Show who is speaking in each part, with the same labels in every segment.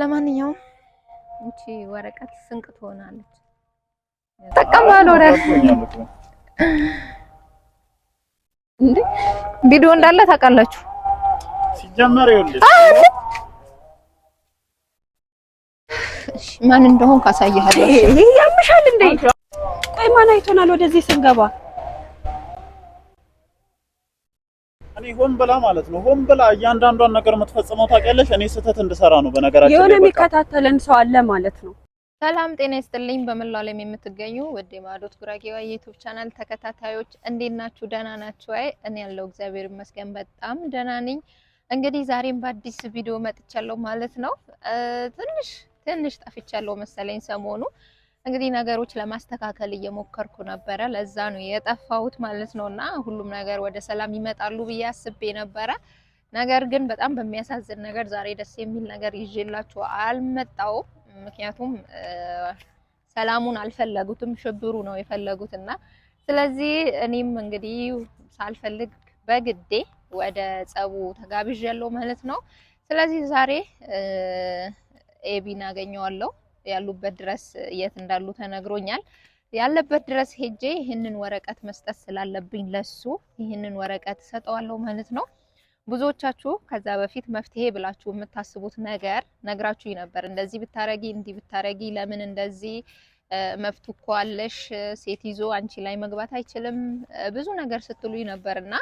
Speaker 1: ለማንኛውም እቺ ወረቀት ስንቅ ትሆናለች። ተቀባሉ ወረቀት እንዴ ቪዲዮ እንዳለ ታውቃላችሁ።
Speaker 2: ሲጀመር ይኸውልሽ
Speaker 1: ማን እንደሆን ካሳያለሽ።
Speaker 3: ያምሻል እንዴ?
Speaker 1: ቆይ ማን አይቶናል ወደዚህ ስንገባ
Speaker 2: ሆን ብላ ማለት ነው። ሆን ብላ እያንዳንዷን ነገር የምትፈጽመው ታውቂያለሽ። እኔ ስህተት እንድሰራ ነው። በነገራችን
Speaker 1: የሆነ የሚከታተለን ሰው አለ ማለት ነው። ሰላም ጤና ይስጥልኝ። በመላው ዓለም የምትገኙ ውድ ማዶት ጉራጌዋ የዩቲዩብ ቻናል ተከታታዮች እንዴት ናችሁ? ደህና ናችሁ? አይ እኔ ያለው እግዚአብሔር ይመስገን በጣም ደህና ነኝ። እንግዲህ ዛሬም በአዲስ ቪዲዮ መጥቻለሁ ማለት ነው። ትንሽ ትንሽ ጠፍቻለሁ መሰለኝ ሰሞኑ እንግዲህ ነገሮች ለማስተካከል እየሞከርኩ ነበረ። ለዛ ነው የጠፋሁት ማለት ነው። እና ሁሉም ነገር ወደ ሰላም ይመጣሉ ብዬ አስቤ ነበረ። ነገር ግን በጣም በሚያሳዝን ነገር ዛሬ ደስ የሚል ነገር ይዤላችሁ አልመጣው ምክንያቱም ሰላሙን አልፈለጉትም፣ ሽብሩ ነው የፈለጉት እና ስለዚህ እኔም እንግዲህ ሳልፈልግ በግዴ ወደ ጸቡ ተጋብዣለሁ ማለት ነው። ስለዚህ ዛሬ ኤቢን አገኘዋለሁ። ያሉበት ድረስ የት እንዳሉ ተነግሮኛል። ያለበት ድረስ ሄጄ ይህንን ወረቀት መስጠት ስላለብኝ ለሱ ይህንን ወረቀት ሰጠዋለው ማለት ነው። ብዙዎቻችሁ ከዛ በፊት መፍትሄ ብላችሁ የምታስቡት ነገር ነግራችሁ ነበር። እንደዚህ ብታረጊ፣ እንዲህ ብታረጊ፣ ለምን እንደዚህ መብት እኮ አለሽ፣ ሴት ይዞ አንቺ ላይ መግባት አይችልም፣ ብዙ ነገር ስትሉኝ እና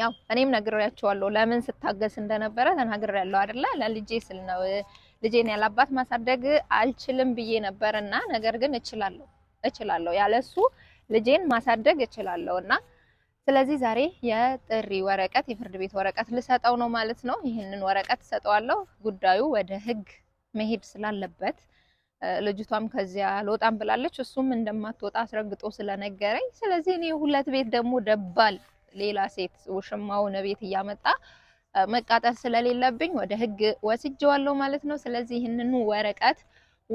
Speaker 1: ያው እኔም ነግሬያቸዋለሁ። ለምን ስታገስ እንደነበረ ተናግሬያለሁ አይደለ? ለልጄ ስል ነው ልጄን ያላባት ማሳደግ አልችልም ብዬ ነበር እና ነገር ግን እችላለሁ እችላለሁ ያለሱ ልጄን ማሳደግ እችላለሁ እና ስለዚህ ዛሬ የጥሪ ወረቀት የፍርድ ቤት ወረቀት ልሰጠው ነው ማለት ነው። ይህንን ወረቀት ሰጠዋለሁ። ጉዳዩ ወደ ህግ መሄድ ስላለበት ልጅቷም ከዚያ አልወጣም ብላለች፣ እሱም እንደማትወጣ አስረግጦ ስለነገረኝ፣ ስለዚህ እኔ ሁለት ቤት ደግሞ ደባል ሌላ ሴት ውሽማውን ቤት እያመጣ መቃጠል ስለሌለብኝ ወደ ህግ ወስጄዋለሁ ማለት ነው። ስለዚህ ይህንኑ ወረቀት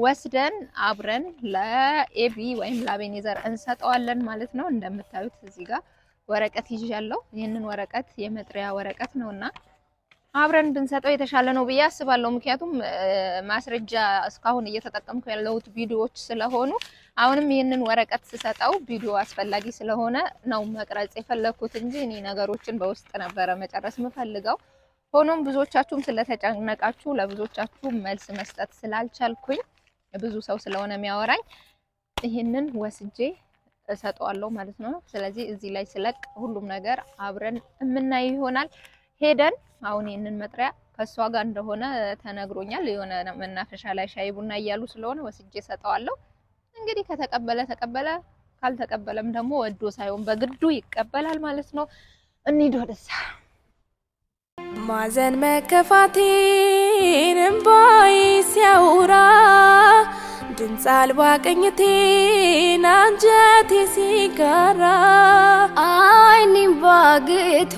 Speaker 1: ወስደን አብረን ለኤቢ ወይም ለአቤኔዘር እንሰጠዋለን ማለት ነው። እንደምታዩት እዚህ ጋር ወረቀት ይዣለሁ። ይህንን ወረቀት የመጥሪያ ወረቀት ነውና አብረን ብንሰጠው የተሻለ ነው ብዬ አስባለሁ። ምክንያቱም ማስረጃ እስካሁን እየተጠቀምኩ ያለሁት ቪዲዮዎች ስለሆኑ አሁንም ይህንን ወረቀት ስሰጠው ቪዲዮ አስፈላጊ ስለሆነ ነው መቅረጽ የፈለግኩት እንጂ እኔ ነገሮችን በውስጥ ነበረ መጨረስ የምፈልገው። ሆኖም ብዙዎቻችሁም ስለተጨነቃችሁ ለብዙዎቻችሁ መልስ መስጠት ስላልቻልኩኝ ብዙ ሰው ስለሆነ የሚያወራኝ ይህንን ወስጄ እሰጠዋለሁ ማለት ነው። ስለዚህ እዚህ ላይ ስለቅ ሁሉም ነገር አብረን የምናይ ይሆናል። ሄደን አሁን ይህንን መጥሪያ ከእሷ ጋር እንደሆነ ተነግሮኛል። የሆነ መናፈሻ ላይ ሻይ ቡና እያሉ ስለሆነ ወስጄ ሰጠዋለሁ። እንግዲህ ከተቀበለ ተቀበለ፣ ካልተቀበለም ደግሞ ወዶ ሳይሆን በግዱ ይቀበላል ማለት ነው። እንሂድ ወደዛ። ማዘን መከፋቴን እምባዬ ሲያወራ ድምፅ አልባ ቅኝቴን አንጀቴ ሲጋራ አይኔም ባግቶ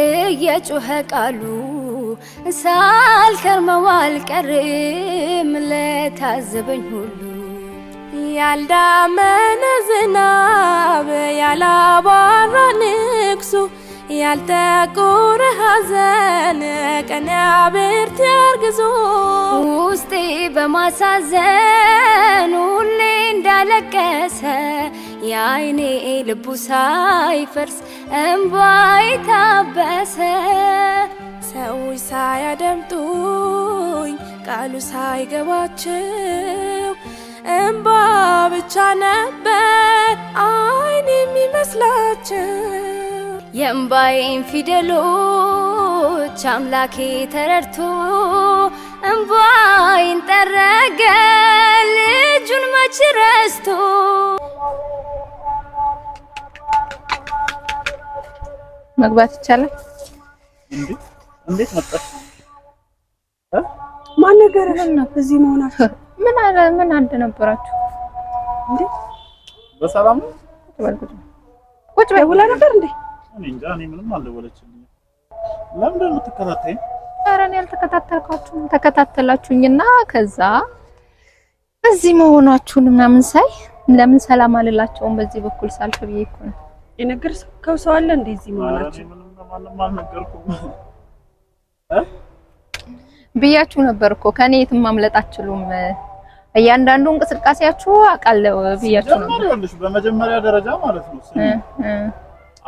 Speaker 1: እየጮኸ ቃሉ ሳልከርመው አልቀርም ለታዘበኝ ሁሉ ያልዳመነ ዝናብ ያላባራ ንግሱ ያልጠቆረ ሐዘን ቀን አብርት ያርግዞ ውስጤ በማሳዘን ሁሌ እንዳለቀሰ የአይኔ ልቡ ሳይፈርስ እምባይ ታበሰ ሰዎች ሳያደምጡኝ ቃሉ ሳይገባቸው እምባ ብቻ ነበር አይን የሚመስላቸው። የእምባዬን ፊደሎች አምላኬ ተረድቶ እምባዬን ጠረገ ልጁን መች ረስቶ መግባት ይቻላል።
Speaker 2: እንዴ እንዴት መጣሽ?
Speaker 1: ማን ነገር ነው እዚህ መሆናችሁ? ምን አለ ምን አንድ ነበራችሁ እንዴ? በሰላም ቁጭ በይ ውላ ነበር እንዴ?
Speaker 2: እኔ እንጃ እኔ ምንም አልደወለችልኝ። ለምንድን ነው የምትከታተይኝ?
Speaker 1: ኧረ እኔ አልተከታተልኳችሁም። ተከታተላችሁኝና ከዛ እዚህ መሆናችሁን ምናምን ሳይ ለምን ሰላም አልላቸውም በዚህ በኩል ሳልፍ ብዬ እኮ ነው የነገርከው ሰው አለ እንደዚህ መሆናቸው ብያችሁ ነበር እኮ ከኔ የትም ማምለጥ አትችሉም። እያንዳንዱ እንቅስቃሴያችሁ አውቃለሁ ብያችሁ
Speaker 2: ነበር። በመጀመሪያ ደረጃ ማለት ነው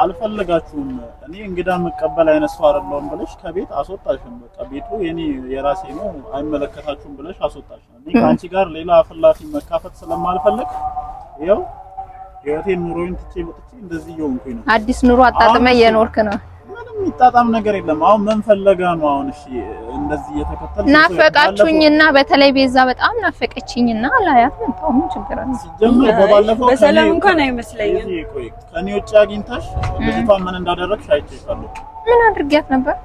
Speaker 2: አልፈልጋችሁም። እኔ እንግዳ መቀበል አይነት ሰው አይደለሁም ብለሽ ከቤት አስወጣሽን። በቃ ቤቱ የኔ የራሴ ነው አይመለከታችሁም ብለሽ አስወጣሽን። እኔ ከአንቺ ጋር ሌላ ፍላፊ መካፈት ስለማልፈልግ ይኸው ህይወቴን ኑሮዬን ትቼ መጥቼ እንደዚህ እየሆንኩኝ ነው።
Speaker 1: አዲስ ኑሮ አጣጥመ እየኖርክ ነው።
Speaker 2: ምንም የሚጣጣም ነገር የለም። አሁን ምን ፈለጋ ነው አሁን? እሺ እንደዚህ እየተከተል
Speaker 1: ናፈቃችሁኝና በተለይ ቤዛ በጣም ናፈቀችኝና አላያት መጣሁ። ምን ችግር አለ?
Speaker 2: ሲጀምር በባለፈው
Speaker 1: በሰላም እንኳን አይመስለኝም።
Speaker 2: ከኔ ውጭ አግኝተሽ ምን እንዳደረግሽ አይቼሻለሁ።
Speaker 1: ምን አድርጊያት ነበር?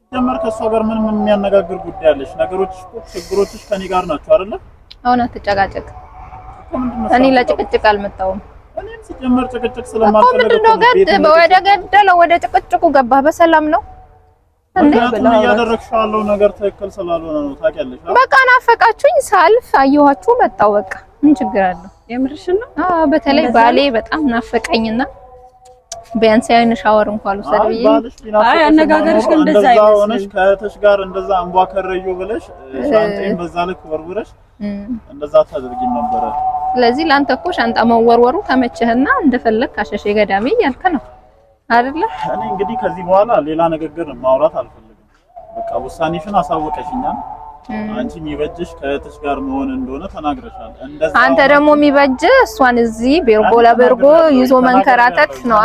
Speaker 2: ሲጀምር ከእሷ ጋር የሚያነጋግር ጉዳይ አለሽ? ነገሮችሽ ችግሮችሽ ከኔ ጋር ናቸው አይደለ?
Speaker 1: አሁን አትጨቃጨቅ እኔ ለጭቅጭቅ አልመጣሁም። ምንድነው ወደ ገደለው ወደ ጭቅጭቁ በሰላም ነው።
Speaker 2: ምክንያቱም ነገር ትክክል ስላልሆነ ነው። ታውቂያለሽ።
Speaker 1: በቃ ናፈቃችሁኝ፣ ሳልፍ አየኋችሁ መጣሁ። በቃ ምን ችግር አለው? የምርሽን ነው? አዎ። በተለይ ባሌ በጣም ናፈቀኝና ቢያንስ ሻወር እንኳን ልውሰድ ብዬ። አይ አነጋገርሽ
Speaker 2: ግን እንደዛ ሆነሽ ከእህትሽ ጋር እንደዛ ከረዩ ብለሽ ሻንጤን በዛ ልክ ወርውረሽ እንደዛ ታደርጊም ነበረ።
Speaker 1: ስለዚህ ላንተ እኮ ሻንጣ መወርወሩ ተመቸህና እንደፈለግ ካሸሼ ገዳሜ እያልክ ነው አይደለ?
Speaker 2: እኔ እንግዲህ ከዚህ በኋላ ሌላ ንግግር ማውራት አልፈልግም። በቃ ውሳኔሽን አሳወቀሽኛል። አንቺ የሚበጅሽ ከእህትሽ ጋር መሆን እንደሆነ ተናግረሻል።
Speaker 1: እንደዛ አንተ ደግሞ የሚበጅ እሷን እዚህ ቤርጎ ለቤርጎ ይዞ መንከራተት ነው።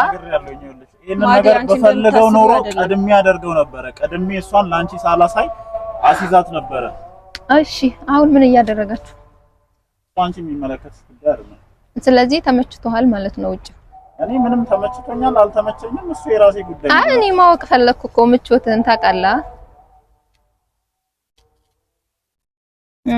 Speaker 2: ይሄንን ነገር በፈልገው ኖሮ ቀድሜ አደርገው ነበረ። ቀድሜ እሷን ለአንቺ ሳላሳይ አሲዛት ነበረ።
Speaker 1: እሺ አሁን ምን እያደረጋችሁ?
Speaker 2: አንቺ የሚመለከት ጉዳይ አይደለም።
Speaker 1: ስለዚህ ተመችቶሃል ማለት ነው ውጭ?
Speaker 2: እኔ ምንም ተመችቶኛል አልተመቸኝም፣ እሱ የራሴ
Speaker 1: ጉዳይ። አይ እኔ ማወቅ ፈለኩ እኮ ምቾትህን ታውቃለህ።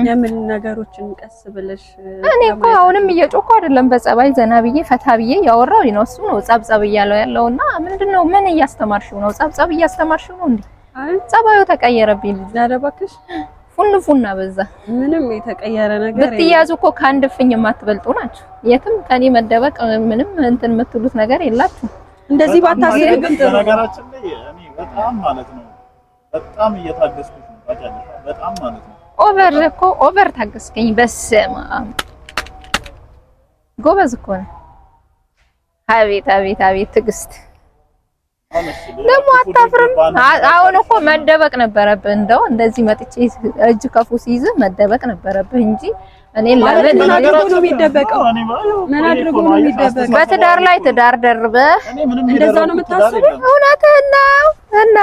Speaker 1: የምን ነገሮችን ቀስ ብለሽ እኔ እኮ አሁንም እየጮኩ አይደለም። በጸባይ ዘና ብዬ ፈታ ብዬ ያወራው ነው እሱ ነው ጸብጸብ እያለው ያለውና ምንድነው? ምን እያስተማርሽው ነው? ጸብጸብ እያስተማርሽው ነው እንዴ? አይ ጸባዩ ተቀየረብኝ ልጅ። ኧረ ፉን ፉን አበዛ።
Speaker 3: ምንም የተቀየረ ነገር
Speaker 1: ብትያዙ እኮ ከአንድ ፍኝ የማትበልጡ ናቸው። የትም ከኔ መደበቅ ምንም እንትን የምትሉት ነገር የላችሁ። እንደዚህ ባታስብ
Speaker 2: ግን ጥሩ። ነገራችን ላይ እኔ በጣም ማለት ነው በጣም እየታገስኩት ነው በጣም
Speaker 1: ማለት ነው። ኦቨር እኮ ኦቨር ታገስከኝ። በስመ ጎበዝ እኮ ነህ። አቤት አቤት አቤት ትዕግስት ደግሞ አታፍርም? አሁን እኮ መደበቅ ነበረብህ። እንደው እንደዚህ መጥቼ እጅ ከፉ ሲይዝ መደበቅ ነበረብህ እንጂ እኔ ለምን ምን
Speaker 3: አድርጎ ምን አድርጎ ነው የሚደበቀው?
Speaker 1: በትዳር ላይ ትዳር ደርበህ እንደዛ ነው የምታስበው? እውነትህን ነው። እና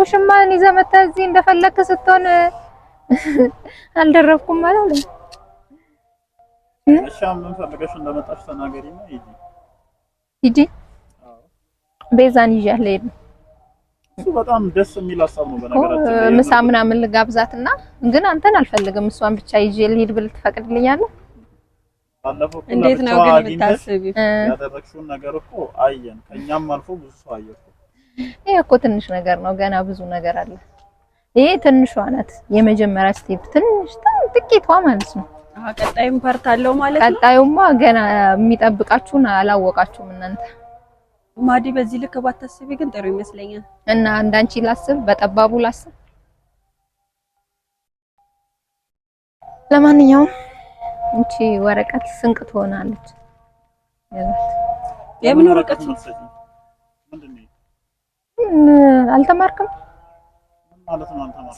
Speaker 1: ውሽማህን ይዘህ መተህ እዚህ እንደፈለክ ስትሆን አልደረብኩም ነው። እሺ
Speaker 2: ምን ፈልገሽ እንደመጣሽ ተናገሪና ሂጂ
Speaker 1: ሂጂ ቤዛን ይዣት ልሄድ ነው።
Speaker 2: እሱ በጣም ደስ የሚል ሀሳብ ነው። በነገራችን
Speaker 1: ላይ ምሳ ምናምን ልጋብዛትና ግን አንተን አልፈልግም። እሷን ብቻ ይዤ ልሂድ ብል ትፈቅድልኛለህ? እንዴት ነው ግን የምታስቢው?
Speaker 2: ያደረግሽውን ነገር እኮ አየን፣ ከእኛም አልፎ ብዙ ሰው አየ እኮ።
Speaker 1: ይሄ እኮ ትንሽ ነገር ነው፣ ገና ብዙ ነገር አለ። ይሄ ትንሿ ናት፣ የመጀመሪያ ስቴፕ፣ ትንሽ ጥቂቷ ማለት ነው።
Speaker 3: ቀጣዩም ፓርት አለው ማለት
Speaker 1: ነው። ቀጣዩማ ገና የሚጠብቃችሁን አላወቃችሁም እናንተ
Speaker 3: ማዲ በዚህ ልክ ባታስቢ ግን ጥሩ ይመስለኛል።
Speaker 1: እና እንዳንቺ ላስብ፣ በጠባቡ ላስብ። ለማንኛውም እንቺ ወረቀት ስንቅ ትሆናለች። የምን ወረቀት? አልተማርክም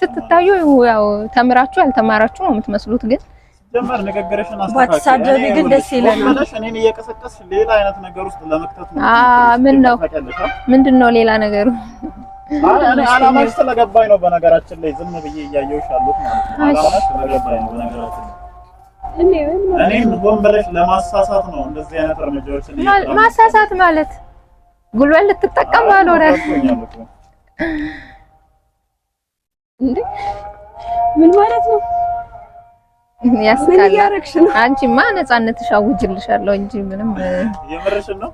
Speaker 1: ስትታዩ ያው ተምራችሁ አልተማራችሁ ነው የምትመስሉት ግን
Speaker 2: ሲጀመር ንግግርሽን
Speaker 1: አስተካክል። አስተካክለሽ ግን ደስ ይለናል።
Speaker 2: እኔን እየቀሰቀስሽ ሌላ አይነት ነገር ውስጥ ለመክተት ነው።
Speaker 1: ምን ነው ምንድን ነው ሌላ ነገሩ?
Speaker 2: አላማሽ ስለገባኝ ነው። በነገራችን ላይ ዝም ብዬ እያየሁሽ አሉት ማለት ነው። አላማሽ ነው። በነገራችን ላይ እኔም ሆን ብለሽ ለማሳሳት ነው እንደዚህ አይነት እርምጃዎች።
Speaker 1: ማሳሳት ማለት ጉልበት ልትጠቀም ባልሆነ እንዴ ምን ማለት ነው? ያስቃላረክሽ ነው። አንቺማ ነፃነትሽ አውጅልሻለሁ እንጂ ምንም
Speaker 2: የምርሽን ነው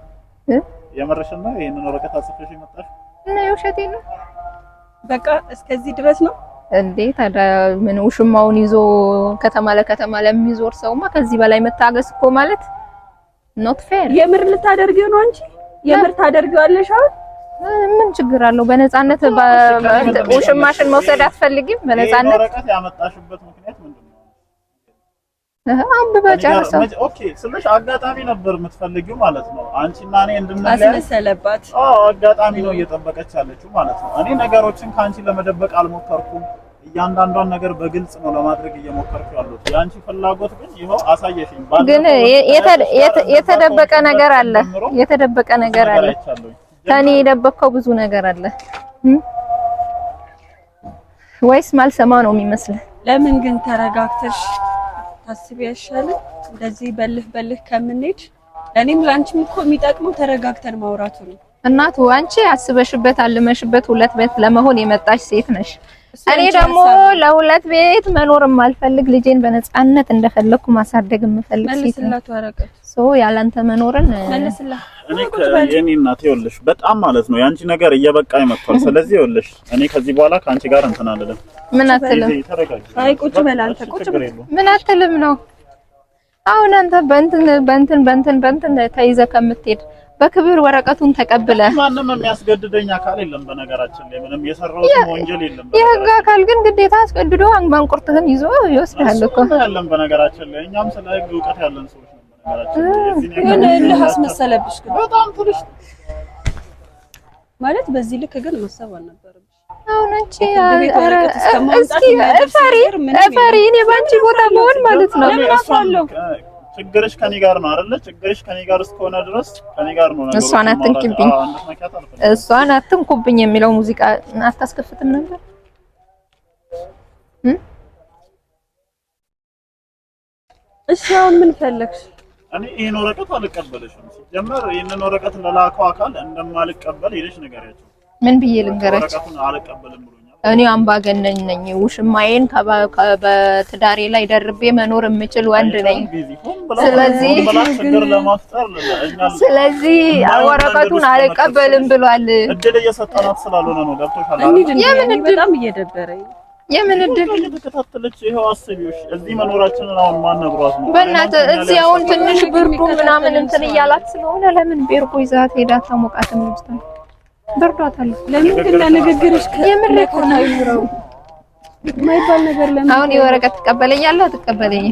Speaker 2: የምርሽን ነው። ይሄንን ወረቀት አጽፈሽ የመጣሽ
Speaker 1: እና የውሸቴ ነው።
Speaker 3: በቃ እስከዚህ ድረስ ነው
Speaker 1: እንዴ? ታዲያ ምን ውሽማውን ይዞ ከተማ ለከተማ ለሚዞር ሰውማ ከዚህ በላይ መታገስ እኮ ማለት ኖት ፌር።
Speaker 3: የምር ልታደርጊው ነው አንቺ? የምር ታደርጊዋለሽ?
Speaker 1: አሁን ምን ችግር አለው? በነፃነት ውሽማሽን መውሰድ አትፈልጊም? በነፃነት
Speaker 2: ወረቀት ያመጣሽበት ምክንያት ምንድን ነው?
Speaker 1: አንብባ ጨርሰው።
Speaker 2: ኦኬ ስልሽ አጋጣሚ ነበር የምትፈልጊው ማለት ነው። እና እኔ እንድንለያይ
Speaker 1: አስመሰለባት።
Speaker 2: አዎ አጋጣሚ ነው እየጠበቀች ያለችው ማለት ነው። እኔ ነገሮችን ከአንቺ ለመደበቅ አልሞከርኩም። እያንዳንዷን ነገር በግልጽ ነው ለማድረግ እየሞከርኩ ያሉት። የአንቺ ፍላጎት ግን ይኸው አሳየሽኝ።
Speaker 1: ግን የተደበቀ ነገር አለ፣ የተደበቀ ነገር አለ። ከእኔ የደበቅከው ብዙ ነገር አለ። ወይስ ማልሰማ ነው የሚመስልህ?
Speaker 3: ለምን ግን ተረጋግተሽ ብታስቢ ያሻልም። እንደዚህ በልህ በልህ ከምንሄድ ለእኔም ለአንቺም እኮ የሚጠቅመው ተረጋግተን ማውራቱ ነው።
Speaker 1: እናቱ አንቺ አስበሽበት አልመሽበት ሁለት ቤት ለመሆን የመጣሽ ሴት ነሽ። እኔ ደግሞ ለሁለት ቤት መኖር የማልፈልግ ልጄን በነፃነት እንደፈለኩ ማሳደግ የምፈልግ
Speaker 3: ሴት ነኝ።
Speaker 1: ሶ ያላንተ መኖርን
Speaker 3: እኔ
Speaker 2: እናት ይኸውልሽ፣ በጣም ማለት ነው የአንቺ ነገር እየበቃ ይመጣል። ስለዚህ ይኸውልሽ፣ እኔ ከዚህ በኋላ ከአንቺ ጋር እንትን አልልም።
Speaker 1: ምን አትልም?
Speaker 3: አይ ቁጭ በል አንተ
Speaker 1: ቁጭ ምን አትልም ነው አሁን አንተ በእንትን በእንትን በእንትን በእንትን ተይዘህ ከምትሄድ በክብር ወረቀቱን ተቀብለ
Speaker 2: ማንም የሚያስገድደኝ አካል የለም። በነገራችን ላይ ምንም የሰራሁት ወንጀል
Speaker 1: የለም። የህግ አካል ግን ግዴታ አስገድዶ አንቁርጥህን ይዞ ይወስዳል እኮ
Speaker 2: ያለም። በነገራችን ላይ እኛም ስለ ህግ እውቀት ያለን ሰዎች ነው።
Speaker 3: በነገራችን ላይ ምን አስመሰለብሽ? ግን በጣም ትንሽ ማለት በዚህ ልክ ግን መሰብ አልነበረብሽ
Speaker 1: ሆነች ፈሪ እኔ ባንቺ ቦታ መሆን ማለት ነው።
Speaker 2: ችግርሽ ከኔ ጋር ነው አይደለ? ችግርሽ ከኔ ጋር እስከሆነ ድረስ ከኔ ጋር ነው
Speaker 1: እሷን አትንኪብኝ፣ እሷን አትንኩብኝ የሚለው ሙዚቃ አታስከፍትም ነበር።
Speaker 3: እሺ አሁን ምን ፈለግሽ?
Speaker 2: እኔ ይሄን ወረቀት አልቀበልሽም። ጀመር ይሄንን ወረቀት ለላከው አካል እንደማልቀበል ነገር ንገሪያቸው።
Speaker 1: ምን ብዬ ልንገረች? እኔ አምባገነኝ ነኝ። ውሽማዬን በትዳሬ ላይ ደርቤ መኖር የምችል ወንድ ነኝ። ስለዚህ ስለዚህ ወረቀቱን አልቀበልም ብሏል።
Speaker 2: እድል እየሰጠናት ስላልሆነ ነው። ገብቶሻል?
Speaker 1: የምን
Speaker 3: እድል በጣም እየደበረኝ
Speaker 1: የምን እድል
Speaker 2: ከተከታተለች ይሄው አስቢዎች እዚህ መኖራችንን አሁን ማን ነግሯት ነው?
Speaker 1: በእናትህ እዚህ አሁን ትንሽ ብርዱ ምናምን እንትን እያላት ስለሆነ ለምን ቤርጎ ይዛት ሄዳ ታሞቃትም ልጅቷን
Speaker 3: በርዷታል። ነው የማይባል ነገር ለምን
Speaker 1: አሁን የወረቀት ትቀበለኛለህ ትቀበለኝ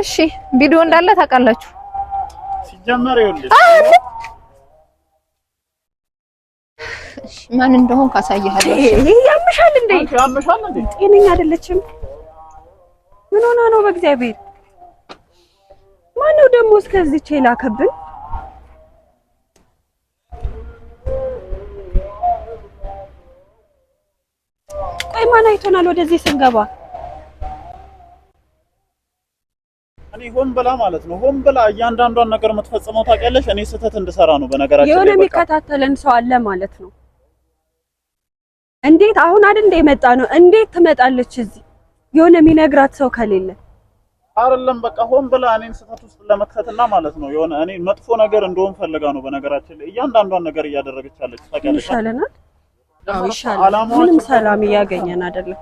Speaker 1: እሺ ቪዲዮ እንዳለ ታውቃላችሁ። ሲጀመር ማን እንደሆን ካሳያለሁ።
Speaker 3: ያምሻል
Speaker 2: እንዴ?
Speaker 1: ጤነኛ አይደለችም። ምን ሆና ነው? በእግዚአብሔር ማነው ደግሞ እስከዚህ ቼላከብን ማን አይቶናል? ወደዚህ ስንገባ
Speaker 2: እኔ ሆን ብላ ማለት ነው፣ ሆን ብላ እያንዳንዷን ነገር የምትፈጽመው ታውቂያለሽ። እኔ ስህተት እንድሰራ ነው። በነገራችን
Speaker 1: የሆነ የሚከታተለን ሰው አለ ማለት ነው። እንዴት አሁን አይደል እንደ የመጣ ነው። እንዴት ትመጣለች እዚህ? የሆነ የሚነግራት ሰው ከሌለ
Speaker 2: አይደለም በቃ ሆን ብላ እኔን ስህተት ውስጥ ለመክተትና ማለት ነው የሆነ እኔ መጥፎ ነገር እንደሆን ፈልጋ ነው። በነገራችን ላይ እያንዳንዷን ነገር እያደረገች ያለች
Speaker 1: ታውቂያለሽ። ይሻለናል ይሻላል። ምንም ሰላም እያገኘን አይደለም።